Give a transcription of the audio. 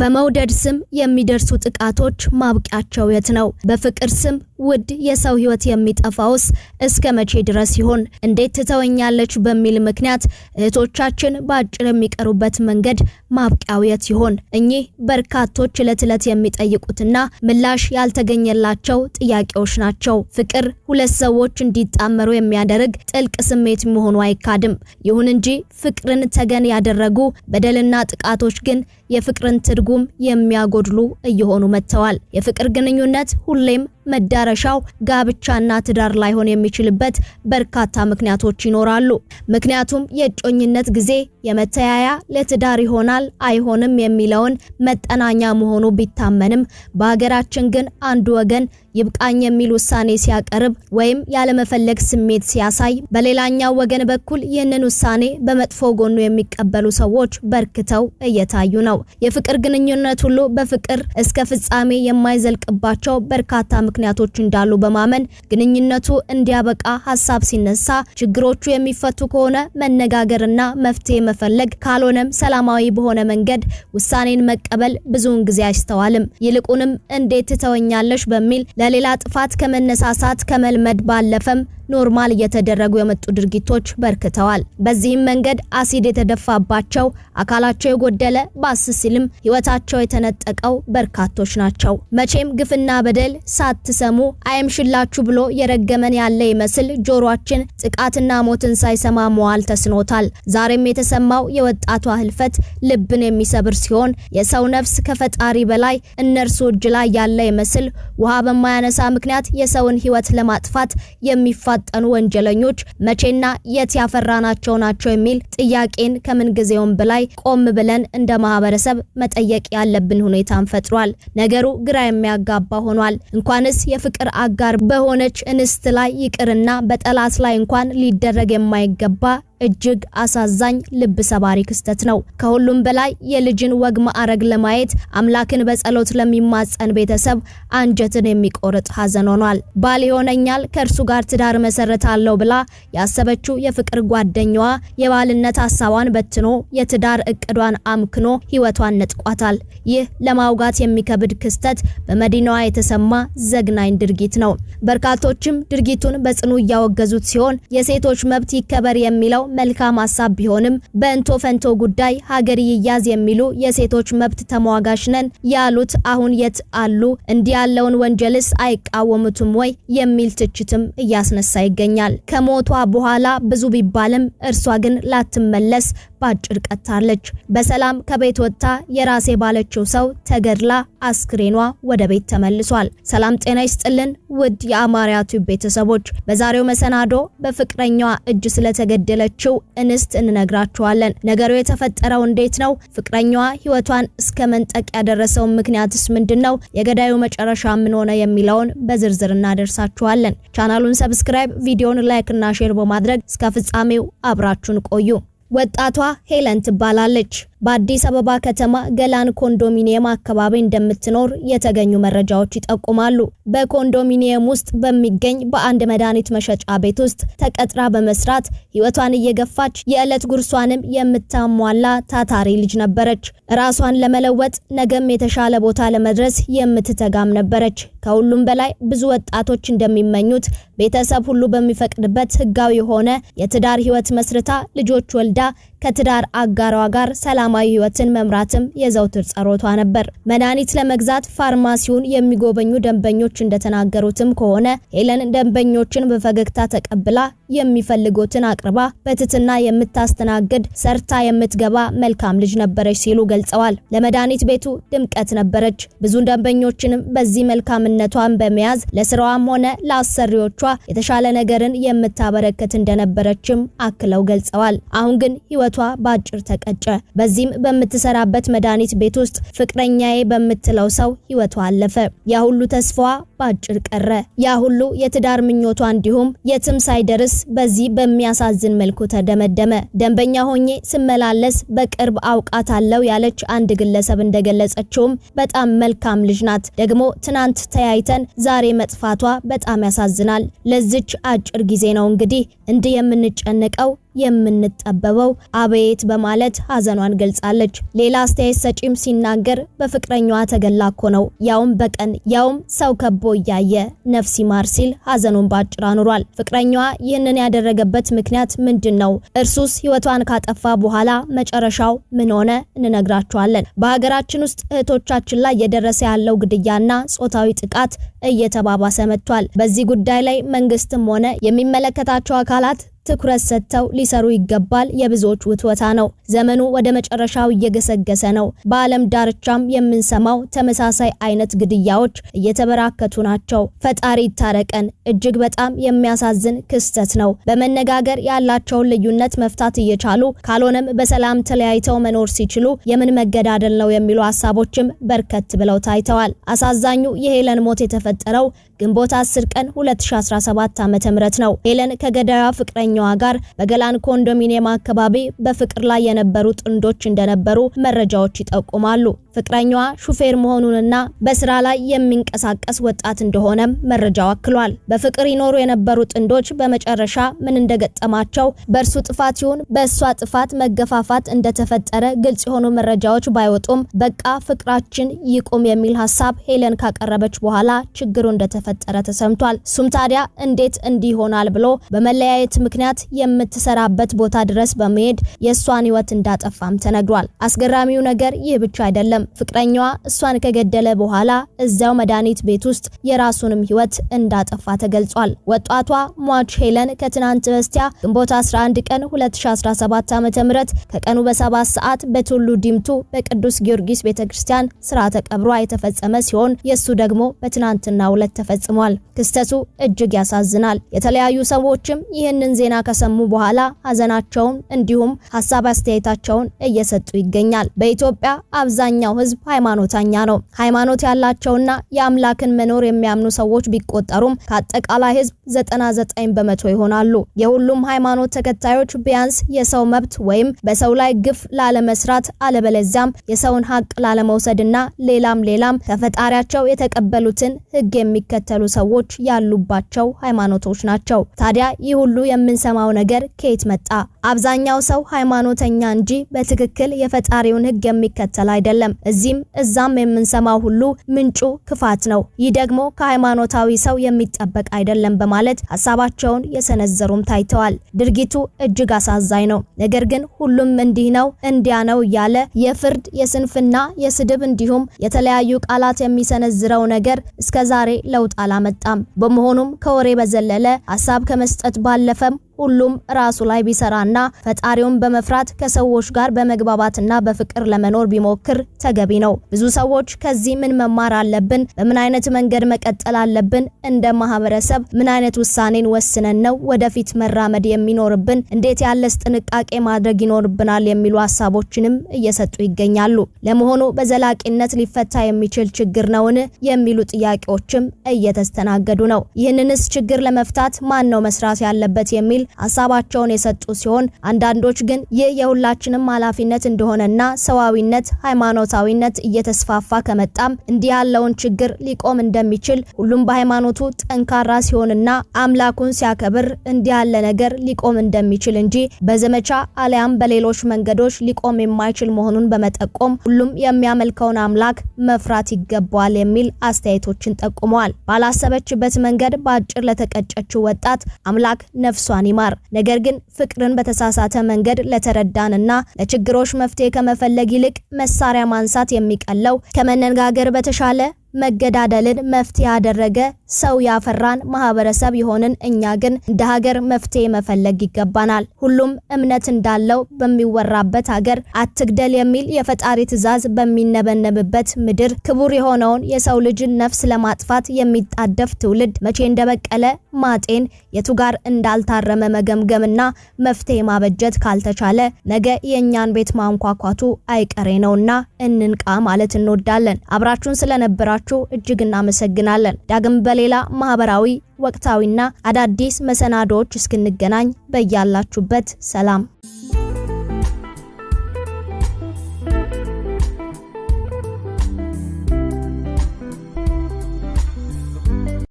በመውደድ ስም የሚደርሱ ጥቃቶች ማብቂያቸው የት ነው? በፍቅር ስም ውድ የሰው ህይወት የሚጠፋውስ እስከ መቼ ድረስ ይሆን እንዴት ትተወኛለች በሚል ምክንያት እህቶቻችን በአጭር የሚቀሩበት መንገድ ማብቂያው የት ይሆን? እኚህ በርካቶች ዕለት ዕለት የሚጠይቁትና ምላሽ ያልተገኘላቸው ጥያቄዎች ናቸው። ፍቅር ሁለት ሰዎች እንዲጣመሩ የሚያደርግ ጥልቅ ስሜት መሆኑ አይካድም። ይሁን እንጂ ፍቅርን ተገን ያደረጉ በደልና ጥቃቶች ግን የፍቅርን ትርጉም የሚያጎድሉ እየሆኑ መጥተዋል። የፍቅር ግንኙነት ሁሌም መዳረሻው ጋብቻና ትዳር ላይሆን የሚችልበት በርካታ ምክንያቶች ይኖራሉ። ምክንያቱም የእጮኝነት ጊዜ የመተያያ ለትዳር ይሆናል አይሆንም የሚለውን መጠናኛ መሆኑ ቢታመንም በሀገራችን ግን አንዱ ወገን ይብቃኝ የሚል ውሳኔ ሲያቀርብ ወይም ያለመፈለግ ስሜት ሲያሳይ፣ በሌላኛው ወገን በኩል ይህንን ውሳኔ በመጥፎ ጎኑ የሚቀበሉ ሰዎች በርክተው እየታዩ ነው። የፍቅር ግንኙነት ሁሉ በፍቅር እስከ ፍጻሜ የማይዘልቅባቸው በርካታ ምክንያቶች እንዳሉ በማመን ግንኙነቱ እንዲያበቃ ሀሳብ ሲነሳ፣ ችግሮቹ የሚፈቱ ከሆነ መነጋገርና መፍትሄ መፈለግ፣ ካልሆነም ሰላማዊ በሆነ መንገድ ውሳኔን መቀበል ብዙውን ጊዜ አይስተዋልም። ይልቁንም እንዴት ትተወኛለሽ በሚል ለሌላ ጥፋት ከመነሳሳት ከመልመድ ባለፈም ኖርማል እየተደረጉ የመጡ ድርጊቶች በርክተዋል። በዚህም መንገድ አሲድ የተደፋባቸው አካላቸው የጎደለ ባስ ሲልም ህይወታቸው የተነጠቀው በርካቶች ናቸው። መቼም ግፍና በደል ሳትሰሙ አይምሽላችሁ ብሎ የረገመን ያለ ይመስል ጆሮአችን ጥቃትና ሞትን ሳይሰማ መዋል ተስኖታል። ዛሬም የተሰማው የወጣቷ ህልፈት ልብን የሚሰብር ሲሆን የሰው ነፍስ ከፈጣሪ በላይ እነርሱ እጅ ላይ ያለ ይመስል ውሃ በማያነሳ ምክንያት የሰውን ህይወት ለማጥፋት የሚፋ የተፋጠኑ ወንጀለኞች መቼና የት ያፈራናቸው ናቸው የሚል ጥያቄን ከምንጊዜውም በላይ ቆም ብለን እንደ ማህበረሰብ መጠየቅ ያለብን ሁኔታን ፈጥሯል። ነገሩ ግራ የሚያጋባ ሆኗል። እንኳንስ የፍቅር አጋር በሆነች እንስት ላይ ይቅርና በጠላት ላይ እንኳን ሊደረግ የማይገባ እጅግ አሳዛኝ ልብ ሰባሪ ክስተት ነው። ከሁሉም በላይ የልጅን ወግ ማዕረግ ለማየት አምላክን በጸሎት ለሚማጸን ቤተሰብ አንጀትን የሚቆርጥ ሀዘን ሆኗል። ባል ይሆነኛል ከእርሱ ጋር ትዳር መሰረታለሁ ብላ ያሰበችው የፍቅር ጓደኛዋ የባልነት ሀሳቧን በትኖ የትዳር እቅዷን አምክኖ ህይወቷን ነጥቋታል። ይህ ለማውጋት የሚከብድ ክስተት በመዲናዋ የተሰማ ዘግናኝ ድርጊት ነው። በርካቶችም ድርጊቱን በጽኑ እያወገዙት ሲሆን የሴቶች መብት ይከበር የሚለው መልካም ሀሳብ ቢሆንም በእንቶ ፈንቶ ጉዳይ ሀገር ይያዝ የሚሉ የሴቶች መብት ተሟጋች ነን ያሉት አሁን የት አሉ? እንዲህ ያለውን ወንጀልስ አይቃወሙትም ወይ የሚል ትችትም እያስነሳ ይገኛል። ከሞቷ በኋላ ብዙ ቢባልም እርሷ ግን ላትመለስ በአጭር ቀጥታለች። በሰላም ከቤት ወጥታ የራሴ ባለችው ሰው ተገድላ አስክሬኗ ወደ ቤት ተመልሷል። ሰላም ጤና ይስጥልን ውድ የአማርያ ቲዩብ ቤተሰቦች፣ በዛሬው መሰናዶ በፍቅረኛዋ እጅ ስለተገደለችው እንስት እንነግራችኋለን። ነገሩ የተፈጠረው እንዴት ነው? ፍቅረኛዋ ህይወቷን እስከ መንጠቅ ያደረሰውን ምክንያትስ ምንድን ነው? የገዳዩ መጨረሻ ምን ሆነ? የሚለውን በዝርዝር እናደርሳችኋለን። ቻናሉን ሰብስክራይብ፣ ቪዲዮን ላይክ እና ሼር በማድረግ እስከ ፍጻሜው አብራችሁን ቆዩ። ወጣቷ ሄለን ትባላለች። በአዲስ አበባ ከተማ ገላን ኮንዶሚኒየም አካባቢ እንደምትኖር የተገኙ መረጃዎች ይጠቁማሉ። በኮንዶሚኒየም ውስጥ በሚገኝ በአንድ መድኃኒት መሸጫ ቤት ውስጥ ተቀጥራ በመስራት ሕይወቷን እየገፋች የዕለት ጉርሷንም የምታሟላ ታታሪ ልጅ ነበረች። ራሷን ለመለወጥ ነገም የተሻለ ቦታ ለመድረስ የምትተጋም ነበረች። ከሁሉም በላይ ብዙ ወጣቶች እንደሚመኙት ቤተሰብ ሁሉ በሚፈቅድበት ሕጋዊ የሆነ የትዳር ሕይወት መስርታ ልጆች ወልዳ ከትዳር አጋሯ ጋር ሰላማዊ ህይወትን መምራትም የዘውትር ጸሎቷ ነበር። መድኃኒት ለመግዛት ፋርማሲውን የሚጎበኙ ደንበኞች እንደተናገሩትም ከሆነ ሄለን ደንበኞችን በፈገግታ ተቀብላ የሚፈልጉትን አቅርባ በትትና የምታስተናግድ ሰርታ የምትገባ መልካም ልጅ ነበረች ሲሉ ገልጸዋል። ለመድኃኒት ቤቱ ድምቀት ነበረች። ብዙ ደንበኞችንም በዚህ መልካምነቷን በመያዝ ለስራዋም ሆነ ለአሰሪዎቿ የተሻለ ነገርን የምታበረከት እንደነበረችም አክለው ገልጸዋል። አሁን ግን ህይወት ሰውነቷ በአጭር ተቀጨ። በዚህም በምትሰራበት መድኃኒት ቤት ውስጥ ፍቅረኛዬ በምትለው ሰው ህይወቷ አለፈ። ያ ሁሉ ተስፋዋ በአጭር ቀረ። ያ ሁሉ የትዳር ምኞቷ እንዲሁም የትም ሳይደርስ በዚህ በሚያሳዝን መልኩ ተደመደመ። ደንበኛ ሆኜ ስመላለስ በቅርብ አውቃት አለው ያለች አንድ ግለሰብ እንደገለጸችውም በጣም መልካም ልጅ ናት። ደግሞ ትናንት ተያይተን ዛሬ መጥፋቷ በጣም ያሳዝናል። ለዚች አጭር ጊዜ ነው እንግዲህ እንዲህ የምንጨነቀው የምንጠበበው አቤት በማለት ሀዘኗን ገልጻለች። ሌላ አስተያየት ሰጪም ሲናገር በፍቅረኛዋ ተገላ እኮ ነው ያውም በቀን ያውም ሰው ከቦ እያየ ነፍስ ይማር ሲል ሀዘኑን በአጭር አኑሯል። ፍቅረኛዋ ይህንን ያደረገበት ምክንያት ምንድን ነው? እርሱስ ህይወቷን ካጠፋ በኋላ መጨረሻው ምን ሆነ? እንነግራችኋለን። በሀገራችን ውስጥ እህቶቻችን ላይ የደረሰ ያለው ግድያና ጾታዊ ጥቃት እየተባባሰ መጥቷል። በዚህ ጉዳይ ላይ መንግስትም ሆነ የሚመለከታቸው አካላት ትኩረት ሰጥተው ሊሰሩ ይገባል የብዙዎች ውትወታ ነው። ዘመኑ ወደ መጨረሻው እየገሰገሰ ነው። በዓለም ዳርቻም የምንሰማው ተመሳሳይ አይነት ግድያዎች እየተበራከቱ ናቸው። ፈጣሪ ይታረቀን። እጅግ በጣም የሚያሳዝን ክስተት ነው። በመነጋገር ያላቸውን ልዩነት መፍታት እየቻሉ ካልሆነም በሰላም ተለያይተው መኖር ሲችሉ የምን መገዳደል ነው የሚሉ ሀሳቦችም በርከት ብለው ታይተዋል። አሳዛኙ የሄለን ሞት የተፈጠረው ግንቦት 10 ቀን 2017 ዓ.ም ነው። ሄለን ከገዳዩ ፍቅረኛዋ ጋር በገላን ኮንዶሚኒየም አካባቢ በፍቅር ላይ የነበሩ ጥንዶች እንደነበሩ መረጃዎች ይጠቁማሉ። ፍቅረኛዋ ሹፌር መሆኑንና በስራ ላይ የሚንቀሳቀስ ወጣት እንደሆነም መረጃው አክሏል። በፍቅር ይኖሩ የነበሩ ጥንዶች በመጨረሻ ምን እንደገጠማቸው በእርሱ ጥፋት ይሁን በእሷ ጥፋት መገፋፋት እንደተፈጠረ ግልጽ የሆኑ መረጃዎች ባይወጡም በቃ ፍቅራችን ይቁም የሚል ሀሳብ ሄለን ካቀረበች በኋላ ችግሩ እንደተፈጠረ ተሰምቷል። እሱም ታዲያ እንዴት እንዲህ ይሆናል ብሎ በመለያየት ምክንያት የምትሰራበት ቦታ ድረስ በመሄድ የእሷን ሕይወት እንዳጠፋም ተነግሯል። አስገራሚው ነገር ይህ ብቻ አይደለም። አልቻለም። ፍቅረኛዋ እሷን ከገደለ በኋላ እዚያው መድኃኒት ቤት ውስጥ የራሱንም ህይወት እንዳጠፋ ተገልጿል። ወጣቷ ሟች ሄለን ከትናንት በስቲያ ግንቦት 11 ቀን 2017 ዓ.ም ከቀኑ በሰባት ሰዓት በቱሉ ዲምቱ በቅዱስ ጊዮርጊስ ቤተክርስቲያን ስርዓተ ቀብሯ የተፈጸመ ሲሆን የሱ ደግሞ በትናንትና ሁለት ተፈጽሟል። ክስተቱ እጅግ ያሳዝናል። የተለያዩ ሰዎችም ይህንን ዜና ከሰሙ በኋላ ሀዘናቸውን እንዲሁም ሀሳብ አስተያየታቸውን እየሰጡ ይገኛል። በኢትዮጵያ አብዛኛው አብዛኛው ህዝብ ሃይማኖተኛ ነው። ሃይማኖት ያላቸውና የአምላክን መኖር የሚያምኑ ሰዎች ቢቆጠሩም ከአጠቃላይ ህዝብ 99 በመቶ ይሆናሉ። የሁሉም ሃይማኖት ተከታዮች ቢያንስ የሰው መብት ወይም በሰው ላይ ግፍ ላለመስራት አለበለዚያም የሰውን ሀቅ ላለመውሰድና ሌላም ሌላም ከፈጣሪያቸው የተቀበሉትን ህግ የሚከተሉ ሰዎች ያሉባቸው ሃይማኖቶች ናቸው። ታዲያ ይህ ሁሉ የምንሰማው ነገር ከየት መጣ? አብዛኛው ሰው ሃይማኖተኛ እንጂ በትክክል የፈጣሪውን ሕግ የሚከተል አይደለም። እዚህም እዛም የምንሰማው ሁሉ ምንጩ ክፋት ነው። ይህ ደግሞ ከሃይማኖታዊ ሰው የሚጠበቅ አይደለም በማለት ሀሳባቸውን የሰነዘሩም ታይተዋል። ድርጊቱ እጅግ አሳዛኝ ነው። ነገር ግን ሁሉም እንዲህ ነው እንዲያ ነው እያለ የፍርድ የስንፍና የስድብ እንዲሁም የተለያዩ ቃላት የሚሰነዝረው ነገር እስከዛሬ ለውጥ አላመጣም። በመሆኑም ከወሬ በዘለለ ሀሳብ ከመስጠት ባለፈም ሁሉም ራሱ ላይ ቢሰራና ፈጣሪውን በመፍራት ከሰዎች ጋር በመግባባትና በፍቅር ለመኖር ቢሞክር ተገቢ ነው። ብዙ ሰዎች ከዚህ ምን መማር አለብን፣ በምን አይነት መንገድ መቀጠል አለብን፣ እንደ ማህበረሰብ ምን አይነት ውሳኔን ወስነን ነው ወደፊት መራመድ የሚኖርብን፣ እንዴት ያለስ ጥንቃቄ ማድረግ ይኖርብናል የሚሉ ሀሳቦችንም እየሰጡ ይገኛሉ። ለመሆኑ በዘላቂነት ሊፈታ የሚችል ችግር ነውን የሚሉ ጥያቄዎችም እየተስተናገዱ ነው። ይህንንስ ችግር ለመፍታት ማን ነው መስራት ያለበት የሚል በሚል ሀሳባቸውን የሰጡ ሲሆን አንዳንዶች ግን ይህ የሁላችንም ኃላፊነት እንደሆነና ሰዋዊነት፣ ሃይማኖታዊነት እየተስፋፋ ከመጣም እንዲህ ያለውን ችግር ሊቆም እንደሚችል ሁሉም በሃይማኖቱ ጠንካራ ሲሆንና አምላኩን ሲያከብር እንዲህ ያለ ነገር ሊቆም እንደሚችል እንጂ በዘመቻ አሊያም በሌሎች መንገዶች ሊቆም የማይችል መሆኑን በመጠቆም ሁሉም የሚያመልከውን አምላክ መፍራት ይገባዋል የሚል አስተያየቶችን ጠቁመዋል። ባላሰበችበት መንገድ በአጭር ለተቀጨችው ወጣት አምላክ ነፍሷን ይማር። ነገር ግን ፍቅርን በተሳሳተ መንገድ ለተረዳንና ለችግሮች መፍትሄ ከመፈለግ ይልቅ መሳሪያ ማንሳት የሚቀለው ከመነጋገር በተሻለ መገዳደልን መፍትሄ ያደረገ ሰው ያፈራን ማህበረሰብ የሆንን እኛ ግን እንደ ሀገር መፍትሄ መፈለግ ይገባናል። ሁሉም እምነት እንዳለው በሚወራበት ሀገር አትግደል የሚል የፈጣሪ ትዕዛዝ በሚነበነብበት ምድር ክቡር የሆነውን የሰው ልጅን ነፍስ ለማጥፋት የሚጣደፍ ትውልድ መቼ እንደበቀለ ማጤን፣ የቱ ጋር እንዳልታረመ መገምገምና መፍትሄ ማበጀት ካልተቻለ ነገ የእኛን ቤት ማንኳኳቱ አይቀሬ ነውና እንንቃ ማለት እንወዳለን። አብራችሁን ስለነበራችሁ ስለሆናችሁ እጅግ እናመሰግናለን። ዳግም በሌላ ማህበራዊ ወቅታዊና አዳዲስ መሰናዶዎች እስክንገናኝ በያላችሁበት ሰላም